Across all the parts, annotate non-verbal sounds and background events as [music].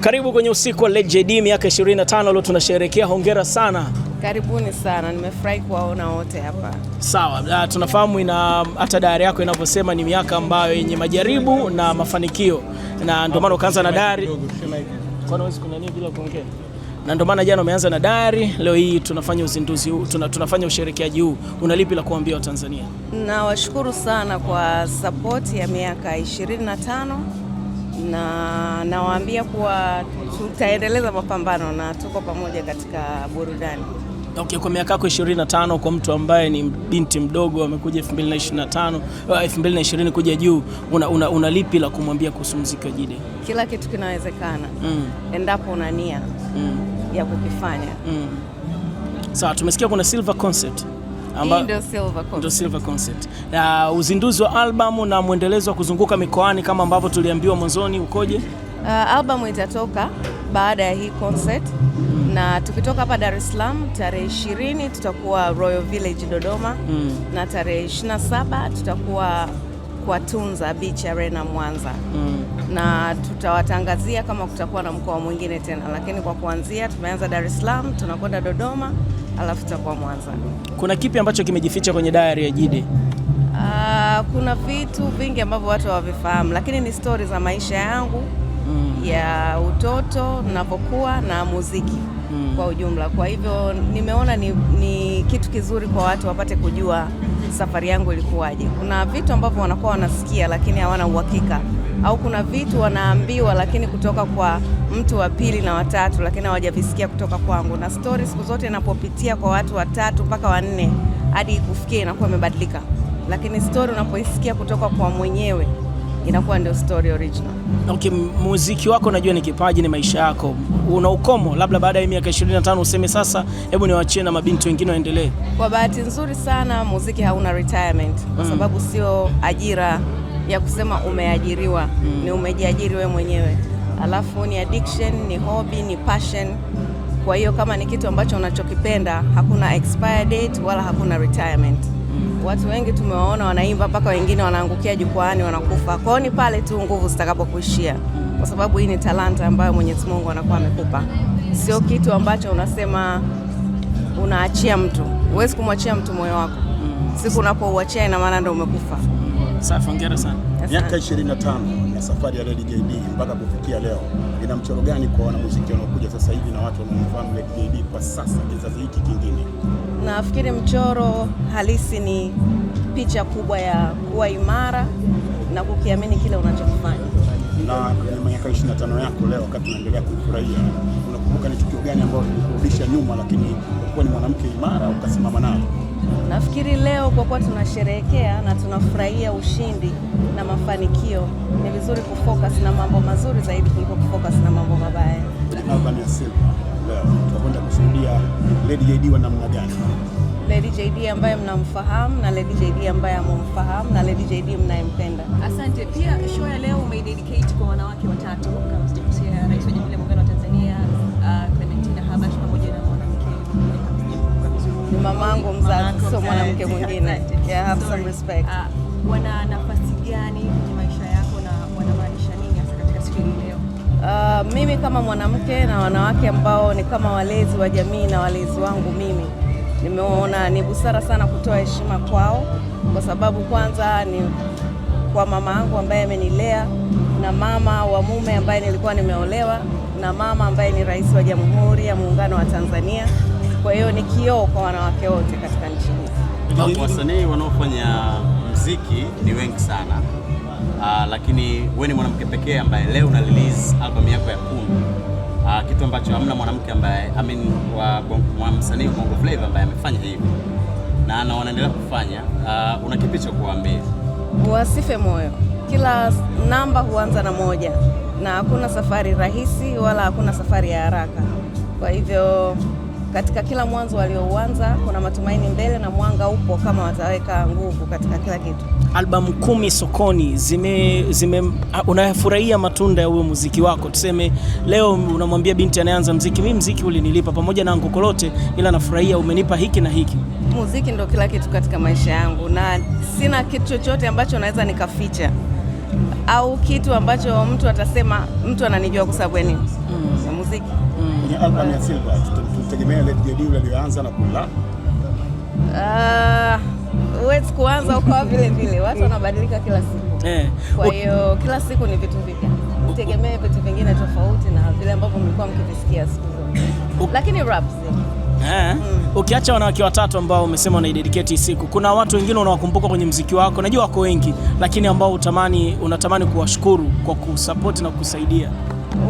Karibu kwenye usiku wa LetJD miaka 25 leo tunasherehekea, hongera sana. Karibuni sana, nimefurahi kuwaona wote hapa. Sawa, Uh, tunafahamu ina hata diary yako inavyosema ni miaka ambayo yenye majaribu na mafanikio, na ndio maana ukaanza na diary. Kwa nini kuna nini bila kuongea na ndio maana jana umeanza na diary, leo hii tunafanya uzinduzi huu, tuna, tunafanya ushirikiaji huu. Una lipi la kuambia Watanzania? Nawashukuru sana kwa support ya miaka 25 na nawaambia kuwa tutaendeleza mapambano na tuko pamoja katika burudani. Okay, kwa miaka yako 25 kwa mtu ambaye ni binti mdogo amekuja 2025 2020 eh, kuja juu, una, una, una lipi la kumwambia kuhusu muziki wa Jide? Kila kitu kinawezekana mm. endapo una nia mm. ya kukifanya mm. Sawa, tumesikia kuna Silver concert ndio Silver Concert. Concert. Na uzinduzi wa albamu na mwendelezo wa kuzunguka mikoani kama ambavyo tuliambiwa mwanzoni ukoje? Uh, albamu itatoka baada ya hii concert mm. na tukitoka hapa Dar es Salaam tarehe 20 tutakuwa Royal Village Dodoma mm. na tarehe 27 tutakuwa kwa Tunza Beach Arena Mwanza mm. na tutawatangazia kama kutakuwa na mkoa mwingine tena, lakini kwa kuanzia tumeanza Dar es Salaam tunakwenda Dodoma alafu takuwa Mwanza. Kuna kipi ambacho kimejificha kwenye diary ya Jide? Uh, kuna vitu vingi ambavyo watu hawavifahamu, lakini ni stori za maisha yangu mm. ya utoto ninapokuwa na muziki mm. kwa ujumla. Kwa hivyo nimeona ni, ni kitu kizuri kwa watu wapate kujua safari yangu ilikuwaje. Kuna vitu ambavyo wanakuwa wanasikia lakini hawana uhakika au kuna vitu wanaambiwa lakini kutoka kwa mtu wa pili na watatu, lakini hawajavisikia kutoka kwangu. Na stori siku zote inapopitia kwa watu watatu mpaka wanne hadi kufikia inakuwa imebadilika, lakini stori unapoisikia kutoka kwa mwenyewe inakuwa ndio story original. Okay, muziki wako najua ni kipaji, ni maisha yako, una ukomo labda baada ya miaka 25 useme sasa, hebu niwaachie na mabinti wengine waendelee? Kwa bahati nzuri sana muziki hauna retirement kwa mm. sababu sio ajira ya kusema umeajiriwa mm. Ni umejiajiri wewe mwenyewe, alafu ni addiction, ni hobby, ni passion. Kwa hiyo kama ni kitu ambacho unachokipenda hakuna expire date wala hakuna retirement mm. Watu wengi tumewaona wanaimba mpaka wengine wanaangukia jukwaani wanakufa. Kwao ni pale tu nguvu zitakapokuishia, kwa sababu hii ni talanta ambayo Mwenyezi Mungu anakuwa amekupa, sio kitu ambacho unasema unaachia mtu. Huwezi kumwachia mtu moyo wako, hmm. siku unapouachia ina maana ndio umekufa. Safi, hongera sana. Miaka 25 ya safari ya Lady JB mpaka kufikia leo, ina mchoro gani kwa wanamuziki wanaokuja sasa hivi na watu wanaofahamu Lady JB kwa sasa, kizazi hiki kingine? Nafikiri mchoro halisi ni picha kubwa ya kuwa imara na kukiamini kile unachofanya. Na miaka 25 yako leo, wakati unaendelea kufurahia kumbuka ni tukio gani ambalo lilikurudisha nyuma, lakini ulikuwa ni mwanamke imara ukasimama nayo? Nafikiri leo kwa kuwa tunasherehekea na tunafurahia ushindi na mafanikio, ni vizuri kufocus na mambo mazuri zaidi kuliko kufocus na mambo mabaya. Albania Silva, leo tutakwenda kushuhudia Lady JD wa namna gani? Lady JD ambaye mnamfahamu na Lady JD ambaye hamumfahamu na Lady JD mnayempenda. Asante. Pia show ya leo umeidedicate kwa wanawake watatu kama sijakosea, Rais wa Jamhuri mamangu mzazi, sio mwanamke mwingine. Yeah, have some respect. Ah, wana nafasi gani kwenye maisha yako na wanamaanisha nini hasa katika siku hii leo? Uh, mimi kama mwanamke na wanawake ambao ni kama walezi wa jamii na walezi wangu mimi nimeona ni busara sana kutoa heshima kwao, kwa sababu kwanza ni kwa mama yangu ambaye amenilea na mama wa mume ambaye nilikuwa nimeolewa na mama ambaye ni rais wa Jamhuri ya Muungano wa Tanzania kwa hiyo ni kioo kwa wanawake wote katika nchi hii. Wasanii wanaofanya mziki ni wengi sana uh, lakini wewe ni mwanamke pekee ambaye leo una release album yako ya kumi uh, ah, kitu ambacho hamna mwanamke ambaye I mean, wa msanii wa Bongo Flava ambaye amefanya hivi na na wanaendelea kufanya uh, una kipi cha kuambia? Wasife moyo, kila namba huanza na moja na hakuna safari rahisi wala hakuna safari ya haraka, kwa hivyo katika kila mwanzo waliouanza kuna matumaini mbele na mwanga upo kama wataweka nguvu katika kila kitu. Albamu kumi sokoni zime, zime unayafurahia matunda ya huo muziki wako. Tuseme leo unamwambia binti anayeanza muziki, mimi muziki ulinilipa pamoja na lote, ila nafurahia umenipa hiki na hiki. Muziki ndo kila kitu katika maisha yangu na sina kitu chochote ambacho naweza nikaficha au kitu ambacho mtu atasema mtu ananijua kwa sababu ya nini? Mm. muziki mm kwenye album ya Silva tutegemea ile Deal aliyoanza na kula ah, huwezi uh, kuanza ukawa [laughs] vile vile, watu wanabadilika kila siku eh. Kwa hiyo kila siku ni vitu vipya, utegemee vitu vingine tofauti na vile ambavyo mlikuwa mkivisikia siku zote, lakini rap eh? mm. ukiacha wanawake watatu ambao umesema unaidedicate hii siku, kuna watu wengine unawakumbuka kwenye mziki wako, najua wako wengi, lakini ambao utamani unatamani kuwashukuru kwa kusupport na kusaidia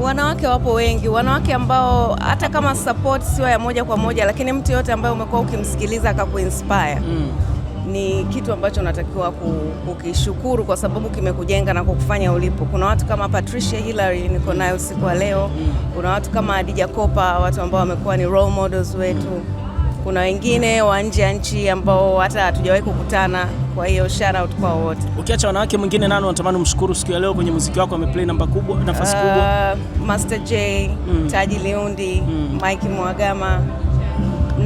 Wanawake wapo wengi, wanawake ambao hata kama support sio ya moja kwa moja, lakini mtu yote ambaye umekuwa ukimsikiliza akakuinspire mm. ni kitu ambacho unatakiwa kukishukuru kwa sababu kimekujenga na kukufanya ulipo. Kuna watu kama Patricia Hillary niko naye usiku wa leo mm. kuna watu kama Adija Kopa, watu ambao wamekuwa ni role models wetu mm kuna wengine wa nje ya nchi ambao hata hatujawahi kukutana. Kwa hiyo shout out kwa wote. Ukiacha wanawake, mwingine nani unatamani umshukuru siku ya leo kwenye muziki wako, ameplay namba kubwa, nafasi uh, kubwa? Uh, Master J, mm. Taji Liundi, mm. Mike Mwagama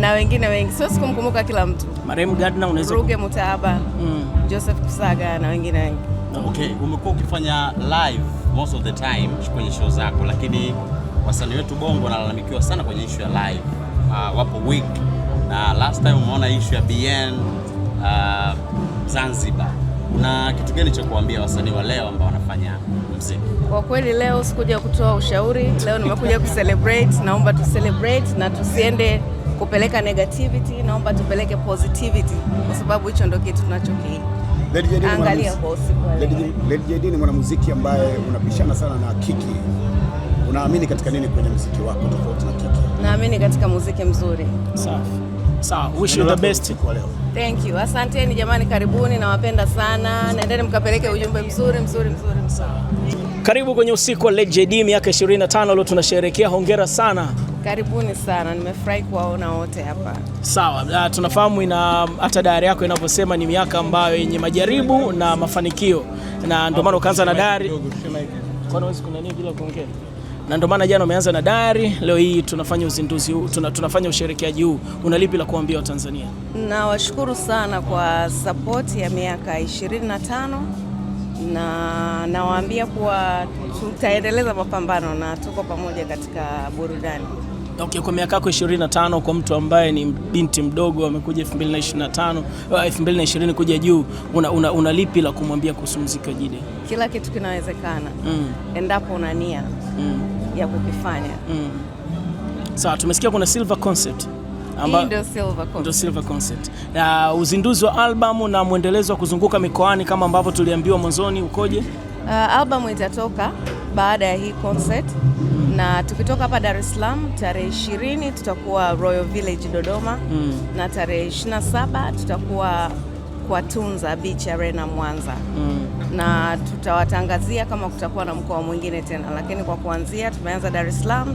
na wengine wengi, sio sikumkumbuka kila mtu. Marehemu Gardner, unaweza Ruge Mutaba, mm. Joseph Kusaga na wengine wengi. Okay, umekuwa ukifanya live most of the time kwenye show zako, lakini wasanii wetu Bongo wanalalamikiwa sana kwenye issue ya live. Uh, wapo week na last time umeona issue ya BN uh, Zanzibar na kitu gani cha kuambia wasanii wa leo ambao wanafanya muziki? Kwa kweli leo sikuja kutoa ushauri, leo nimekuja kucelebrate. Naomba tu celebrate na tusiende kupeleka negativity, naomba tupeleke positivity, kwa sababu hicho ndio kitu tunachokii Lady Jaydee ni mwanamuziki ambaye unapishana sana na Kiki. Unaamini katika nini kwenye muziki wako tofauti na Kiki? Naamini katika muziki mzuri. Safi. Sawa, wish you the best kwa leo. Thank you. Asanteni jamani, karibuni, nawapenda sana, naendeni mkapeleke ujumbe mzuri mzuri mzuri. Sawa. Karibu kwenye usiku wa Legend miaka 25 leo tunasherehekea, hongera sana. Karibuni sana, nimefurahi kuwaona wote hapa. Sawa. Uh, tunafahamu ina hata dayari yako inavyosema ni miaka ambayo yenye majaribu na mafanikio, na ndio maana ukaanza na dayari. Kwa nini kuna nini bila kuongea? na ndio maana jana umeanza na dari leo hii tunafanya uzinduzi huu, tuna, tunafanya ushirikiaji huu. Una lipi la kuambia Watanzania? Nawashukuru sana kwa support ya miaka 25 na nawaambia kuwa tutaendeleza mapambano na tuko pamoja katika burudani. Okay, kwa miaka yako 25 kwa mtu ambaye ni binti mdogo amekuja 2025 2020 uh, kuja juu, una, una, una lipi la kumwambia kuhusu muziki wa Jide? Kila kitu kinawezekana mm. endapo una nia mm ya kukifanya mm. Sawa, tumesikia kuna Silver Concept amba... ndio Silver Concept, Silver Concept. Na uzinduzi wa albamu na mwendelezo wa kuzunguka mikoani kama ambavyo tuliambiwa mwanzoni ukoje? Uh, albamu itatoka baada ya hii concert mm. na tukitoka hapa Dar es Salaam tarehe 20 tutakuwa Royal Village Dodoma mm. na tarehe 27 tutakuwa kwa Tunza Beach Arena Mwanza mm na tutawatangazia kama kutakuwa na mkoa mwingine tena, lakini kwa kuanzia tumeanza Dar es Salaam.